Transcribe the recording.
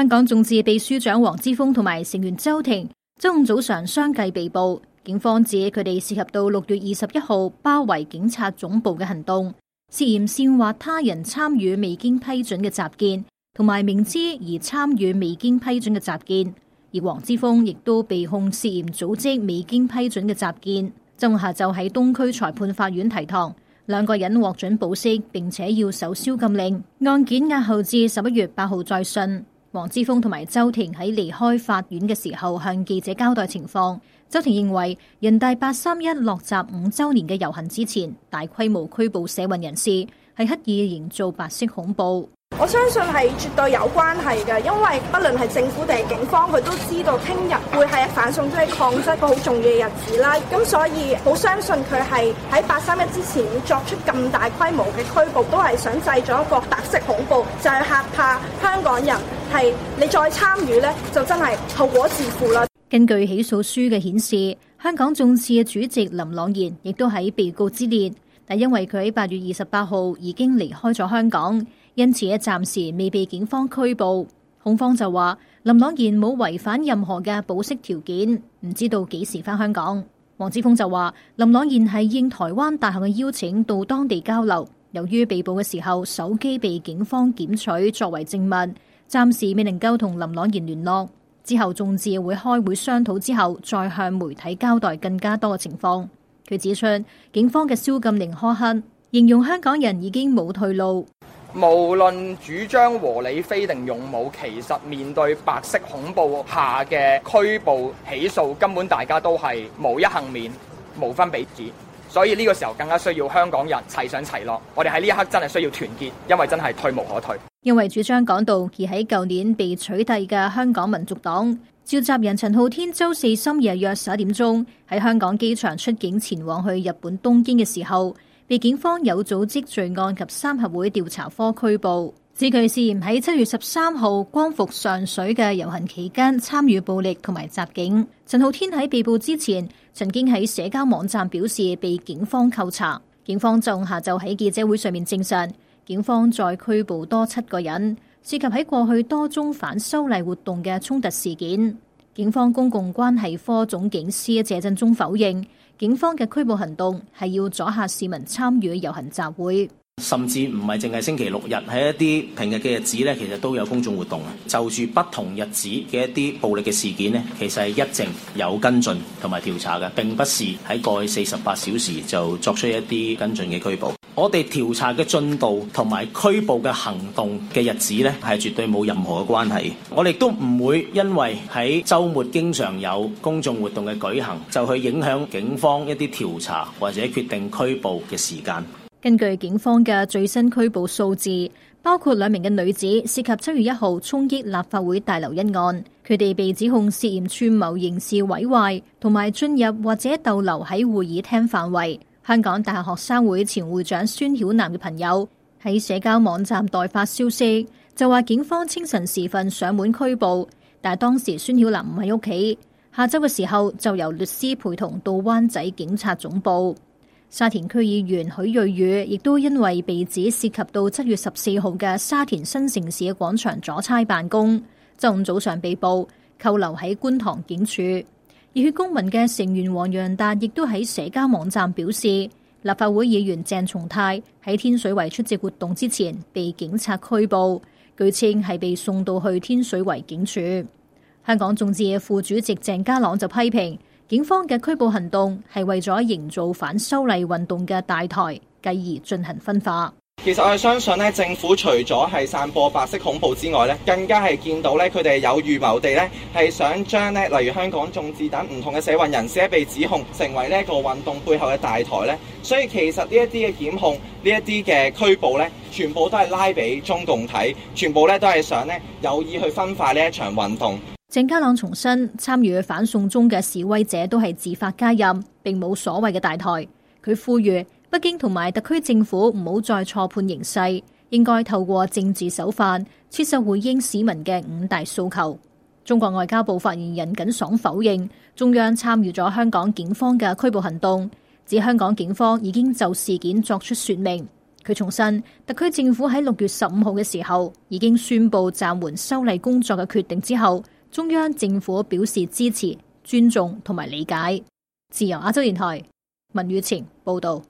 香港眾志秘書長黃之鋒同埋成員周庭周五早上相繼被捕，警方指佢哋涉及到六月二十一號包圍警察總部嘅行動，涉嫌煽惑他人參與未經批准嘅集結，同埋明知而參與未經批准嘅集結。而黃之鋒亦都被控涉嫌組織未經批准嘅集結。周五下晝喺東區裁判法院提堂，兩個人獲准保釋，並且要守宵禁令，案件押後至十一月八號再訊。黃之鋒同埋周庭喺離開法院嘅時候向記者交代情況。周庭認為，人大八三一落閘五周年嘅遊行之前，大規模拘捕社運人士係刻意營造白色恐怖。我相信係絕對有關係嘅，因為不論係政府定係警方，佢都知道聽日會係反送中抗爭個好重要嘅日子啦。咁所以好相信佢係喺八三一之前作出咁大規模嘅拘捕，都係想製造一個白色恐怖，就係嚇怕香港人。係你再參與呢，就真係後果自負啦。根據起訴書嘅顯示，香港眾志嘅主席林朗彥亦都喺被告之列，但因為佢喺八月二十八號已經離開咗香港。因此，暫時未被警方拘捕。控方就話林朗彥冇違反任何嘅保釋條件，唔知道幾時返香港。黃之鋒就話林朗彥係應台灣大學嘅邀請到當地交流，由於被捕嘅時候手機被警方檢取作為證物，暫時未能夠同林朗彥聯絡。之後，眾志會開會商討之後，再向媒體交代更加多嘅情況。佢指出，警方嘅宵禁令苛刻，形容香港人已經冇退路。無論主張和理非定勇武，其實面對白色恐怖下嘅拘捕起訴，根本大家都係無一幸免，無分彼此。所以呢個時候更加需要香港人齊上齊落。我哋喺呢一刻真係需要團結，因為真係退無可退。因為主張港獨，而喺舊年被取締嘅香港民族黨召集人陳浩天，周四深夜約十一點鐘喺香港機場出境前往去日本東京嘅時候，被警方有組織罪案及三合會調查科拘捕，指佢涉嫌喺七月十三號光復上水嘅遊行期間參與暴力同埋襲警。陳浩天喺被捕之前曾經喺社交網站表示被警方扣查。警方仲下晝喺記者會上面證實，警方再拘捕多七個人，涉及喺過去多宗反修例活動嘅衝突事件。警方公共關係科總警司謝振中否認，警方嘅拘捕行動係要阻嚇市民參與遊行集會，甚至唔係淨係星期六日，喺一啲平日嘅日子咧，其實都有公眾活動。就住不同日子嘅一啲暴力嘅事件咧，其實係一直有跟進同埋調查嘅，並不是喺過去四十八小時就作出一啲跟進嘅拘捕。我哋調查嘅進度同埋拘捕嘅行動嘅日子呢，係絕對冇任何嘅關係。我哋都唔會因為喺週末經常有公眾活動嘅舉行，就去影響警方一啲調查或者決定拘捕嘅時間。根據警方嘅最新拘捕數字，包括兩名嘅女子涉及七月一號衝擊立法會大樓一案，佢哋被指控涉嫌串謀刑事毀壞，同埋進入或者逗留喺會議廳範圍。香港大學生會前會長孫曉南嘅朋友喺社交網站代發消息，就話警方清晨時分上門拘捕，但係當時孫曉南唔喺屋企。下周嘅時候就由律師陪同到灣仔警察總部。沙田區議員許瑞宇亦都因為被指涉及到七月十四號嘅沙田新城市廣場阻差辦公，周五早上被捕，扣留喺觀塘警署。熱血公民嘅成員黃洋達亦都喺社交網站表示，立法會議員鄭松泰喺天水圍出席活動之前被警察拘捕，據稱係被送到去天水圍警署。香港眾志副主席鄭家朗就批評警方嘅拘捕行動係為咗營造反修例運動嘅大台，繼而進行分化。其實我哋相信咧，政府除咗係散播白色恐怖之外咧，更加係見到咧，佢哋有預謀地咧，係想將咧，例如香港眾志等唔同嘅社運人士被指控成為呢一個運動背後嘅大台咧。所以其實呢一啲嘅檢控，呢一啲嘅拘捕咧，全部都係拉俾中共睇，全部咧都係想咧有意去分化呢一場運動。鄭家朗重申，參與反送中嘅示威者都係自發加入，並冇所謂嘅大台。佢呼籲，北京同埋特區政府唔好再錯判形勢，應該透過政治手法切實回應市民嘅五大訴求。中國外交部發言人耿爽否認中央參與咗香港警方嘅拘捕行動，指香港警方已經就事件作出說明。佢重申，特區政府喺六月十五號嘅時候已經宣布暫緩修例工作嘅決定之後，中央政府表示支持、尊重同埋理解。自由亞洲電台文宇晴報道。